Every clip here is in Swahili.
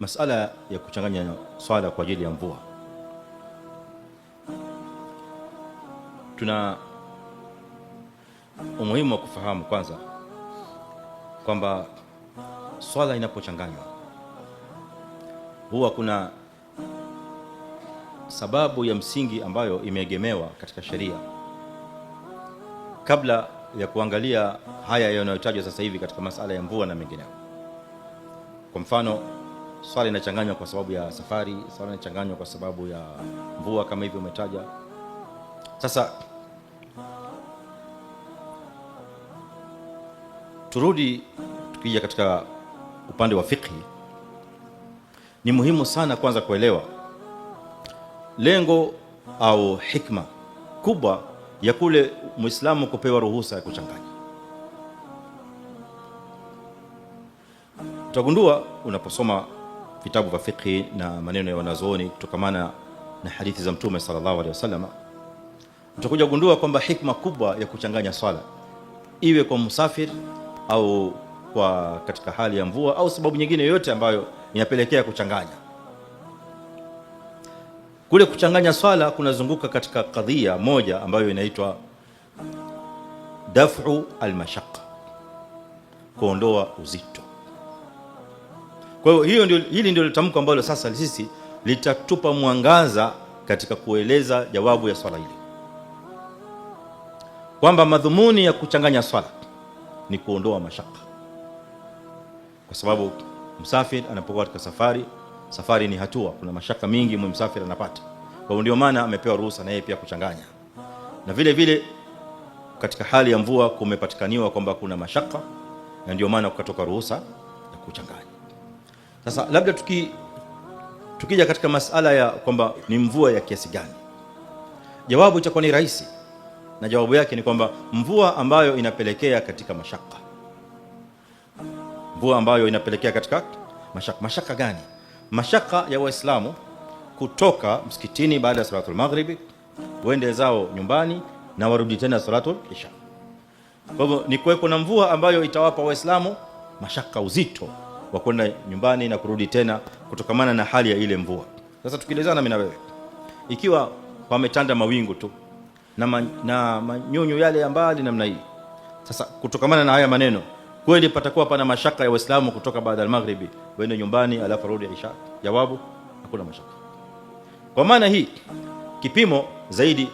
Masala ya kuchanganya swala kwa ajili ya mvua, tuna umuhimu wa kufahamu kwanza kwamba swala inapochanganywa huwa kuna sababu ya msingi ambayo imeegemewa katika sheria kabla ya kuangalia haya yanayotajwa sasa hivi katika masala ya mvua na mengineo. Kwa mfano swala inachanganywa kwa sababu ya safari, swala inachanganywa kwa sababu ya mvua kama hivyo umetaja. Sasa turudi tukija katika upande wa fiqhi, ni muhimu sana kwanza kuelewa lengo au hikma kubwa ya kule Muislamu kupewa ruhusa ya kuchanganya. Utagundua unaposoma vitabu vya fiqhi na maneno ya wanazuoni kutokamana na hadithi za Mtume sallallahu alaihi wasallam, tutakuja gundua kwamba hikma kubwa ya kuchanganya swala iwe kwa musafiri au kwa katika hali ya mvua au sababu nyingine yoyote ambayo inapelekea kuchanganya. Kule kuchanganya swala kunazunguka katika kadhia moja ambayo inaitwa dafu almashaqa kuondoa uzito. Kwa hiyo hiyo ndio, hili ndio litamko ambalo sasa sisi litatupa mwangaza katika kueleza jawabu ya swala hili kwamba madhumuni ya kuchanganya swala ni kuondoa mashaka, kwa sababu msafiri anapokuwa katika safari, safari ni hatua, kuna mashaka mingi msafiri anapata. Kwa hiyo ndio maana amepewa ruhusa na yeye pia kuchanganya, na vile vile katika hali ya mvua kumepatikaniwa kwamba kuna mashaka, na ndio maana kukatoka ruhusa ya kuchanganya. Sasa labda tuki tukija katika masala ya kwamba ni mvua ya kiasi gani, jawabu itakuwa ni rahisi, na jawabu yake ni kwamba mvua ambayo inapelekea katika mashaka, mvua ambayo inapelekea katika mashaka. Mashaka gani? Mashaka ya Waislamu kutoka msikitini baada ya salatul maghribi, wende zao nyumbani na warudi tena salatul isha. Kwa hivyo ni kuwepo na mvua ambayo itawapa Waislamu mashaka, uzito wa kwenda nyumbani na kurudi tena kutokamana na hali ya ile mvua. Sasa tukielezana mimi na wewe, ikiwa wametanda mawingu tu na, ma, na manyunyu yale ya mbali namna hii, sasa kutokamana na haya maneno, kweli patakuwa pana mashaka ya Waislamu kutoka baada ya maghribi waende nyumbani alafu rudi isha? Jawabu, hakuna mashaka. Kwa maana hii kipimo zaidi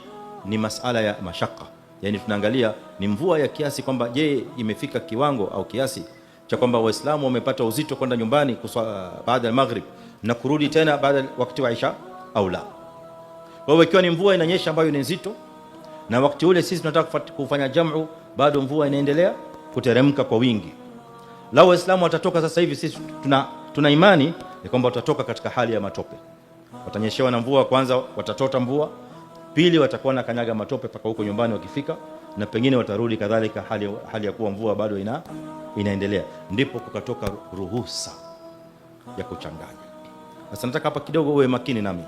ni masala ya mashaka, yaani tunaangalia ni mvua ya kiasi kwamba je, imefika kiwango au kiasi cha kwamba Waislamu wamepata uzito kwenda nyumbani kuswa uh, baada ya maghrib na kurudi tena baada wakati wa Isha au la. Kwa hiyo ikiwa ni mvua inanyesha ambayo ni nzito, na wakati ule sisi tunataka kufanya jamu, bado mvua inaendelea kuteremka kwa wingi, lao Waislamu watatoka sasa hivi, sisi tuna, tuna imani ni kwamba watatoka katika hali ya matope, watanyeshewa na mvua. Kwanza watatota mvua, pili watakuwa na kanyaga matope mpaka huko nyumbani wakifika, na pengine watarudi kadhalika hali, hali ya kuwa mvua bado ina inaendelea, ndipo kukatoka ruhusa ya kuchanganya. Sasa nataka hapa kidogo uwe makini nami,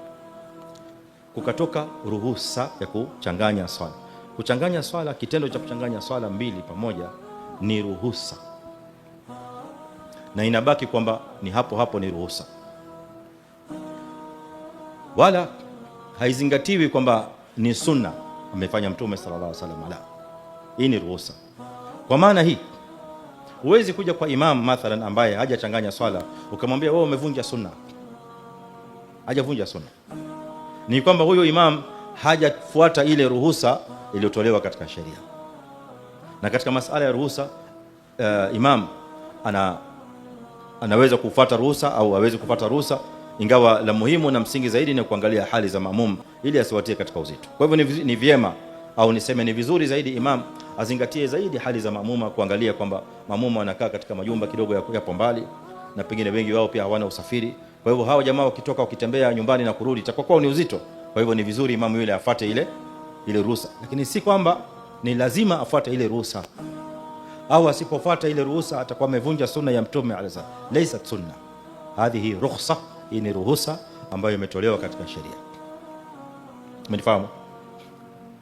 kukatoka ruhusa ya kuchanganya swala. Kuchanganya swala, kitendo cha kuchanganya swala mbili pamoja ni ruhusa, na inabaki kwamba ni hapo hapo ni ruhusa, wala haizingatiwi kwamba ni sunna amefanya Mtume sallallahu alaihi wasallam. La, hii ni ruhusa. Kwa maana hii Huwezi kuja kwa imam mathalan ambaye hajachanganya swala ukamwambia wewe oh, umevunja sunna. Hajavunja sunna, ni kwamba huyo imam hajafuata ile ruhusa iliyotolewa katika sheria. Na katika masala ya ruhusa uh, imam ana, anaweza kufuata ruhusa au awezi kufuata ruhusa, ingawa la muhimu na msingi zaidi ni kuangalia hali za maamum ili asiwatie katika uzito. Kwa hivyo ni vyema au niseme ni vizuri zaidi imam azingatie zaidi hali za mamuma, kuangalia kwamba mamuma wanakaa katika majumba kidogo yapo mbali, na pengine wengi wao pia hawana usafiri. Kwa hivyo hawa jamaa wakitoka wakitembea nyumbani na kurudi itakuwa kwao ni uzito. Kwa hivyo ni vizuri imamu yule afuate ile ile ruhusa, lakini si kwamba ni lazima afuate ile ruhusa, au asipofuata ile ruhusa atakuwa amevunja sunna ya Mtume alaihi laysat sunna hadhihi rukhsa, hii ni ruhusa ambayo imetolewa katika sheria. Umenifahamu?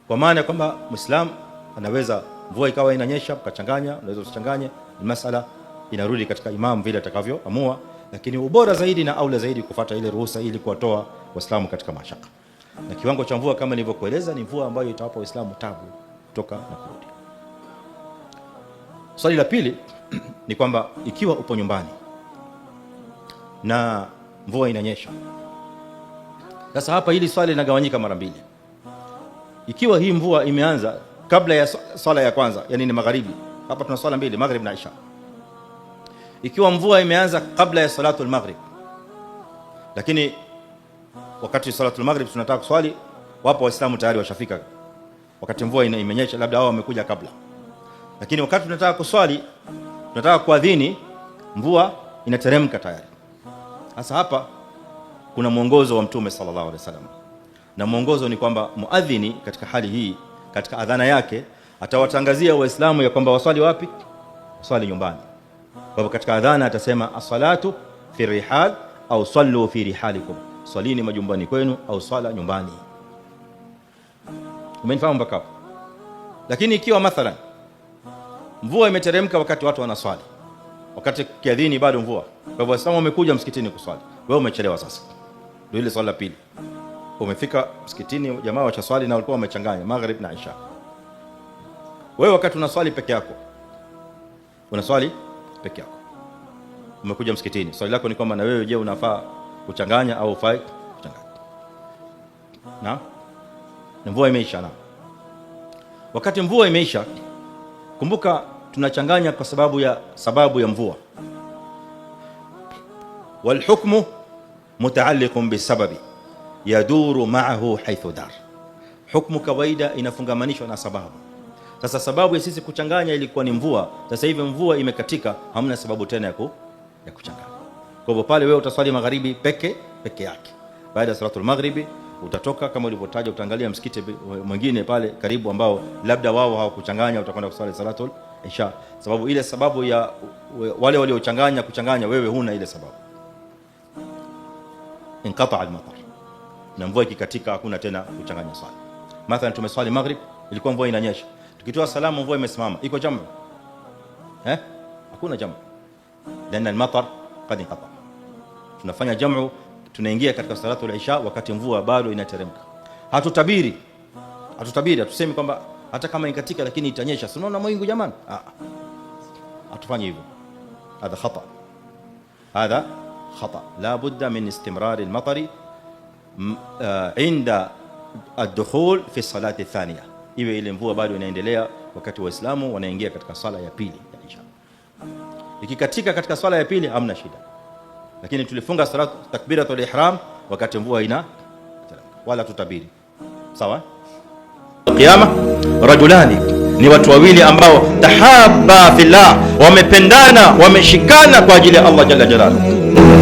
Kwa maana kwamba Muislamu anaweza mvua ikawa inanyesha, ukachanganya, unaweza usichanganye, ni masala inarudi katika imam vile atakavyoamua, lakini ubora zaidi na aula zaidi kufata ile ruhusa ili kuwatoa Waislamu katika mashaka. Na kiwango cha mvua kama nilivyokueleza ni mvua ambayo itawapa Waislamu tabu kutoka na kurudi. Swali la pili ni kwamba ikiwa upo nyumbani na mvua inanyesha, sasa hapa hili swali linagawanyika mara mbili. Ikiwa hii mvua imeanza kabla ya swala ya kwanza, yani ni magharibi. Hapa tuna swala mbili, maghrib na isha. Ikiwa mvua imeanza kabla ya salatu maghrib, lakini wakati salatul maghrib tunataka kuswali, wapo waislamu tayari washafika, wakati mvua imenyesha, labda wao wamekuja kabla. Lakini wakati tunataka kuswali, tunataka kuadhini, mvua inateremka tayari. Sasa hapa kuna mwongozo wa Mtume sallallahu alaihi wasallam, na mwongozo ni kwamba muadhini katika hali hii katika adhana yake atawatangazia Waislamu ya kwamba waswali wapi? Waswali nyumbani. Kwa hivyo katika adhana atasema as-salatu fi rihal au sallu fi rihalikum, swalini majumbani kwenu au swala nyumbani. Umenifahamu mpaka hapo? Lakini ikiwa mathalan mvua imeteremka wakati watu wanaswali, wakati kiadhini bado mvua, kwa hivyo Waislamu wamekuja msikitini kuswali, wewe umechelewa. Sasa ndio ile swala la pili umefika msikitini, jamaa wacha swali na walikuwa wamechanganya maghrib na isha. Wewe wakati unaswali peke yako, unaswali peke yako, umekuja msikitini, swali lako ni kwamba na wewe je, unafaa kuchanganya au ufai kuchanganya? Na na mvua imeisha, na wakati mvua imeisha, kumbuka tunachanganya kwa sababu ya sababu ya mvua. Walhukmu mutaalliqun bisababi yaduru maahu haithu dar. Hukmu kawaida inafungamanishwa na sababu. Sasa sababu ya sisi kuchanganya ilikuwa ni mvua. Sasa hivi mvua imekatika, hamna sababu tena ya kuchanganya. Kwa hivyo pale wewe utaswali magharibi peke peke yake, baada ya salatul maghribi utatoka kama ulivyotaja, utaangalia msikiti mwingine pale karibu ambao labda wao hawakuchanganya, utakwenda kuswali salatul isha, sababu ile sababu ya wale waliochanganya kuchanganya, wewe huna ile sababu. Inqata almatar, na mvua ikikatika hakuna tena kuchanganya swala. Mathalan tumeswali maghrib, ilikuwa mvua inanyesha, tukitoa salamu mvua imesimama, iko jamu eh? Hakuna jamu, lana almatar qad inqata. Tunafanya jamu, tunaingia katika salatu al-isha wakati mvua bado inateremka. Hatutabiri, hatutabiri, hatusemi kwamba hata kama inkatika lakini itanyesha, si unaona mwingu jamani. Ah, ah, hatufanyi hivyo, hadha khata, hadha khata. La budda min istimrar al-matari Uh, inda addukhul fi salati thania, iwe ile mvua bado inaendelea wakati Waislamu wanaingia katika sala ya pili ya isha. Ikikatika katika sala ya pili hamna shida, lakini tulifunga salatu takbiratul ihram wakati mvua ina wala tutabiri sawa. Kiyama rajulani ni watu wawili ambao tahaba fillah, wamependana wameshikana kwa ajili ya Allah jalla jalaluhu.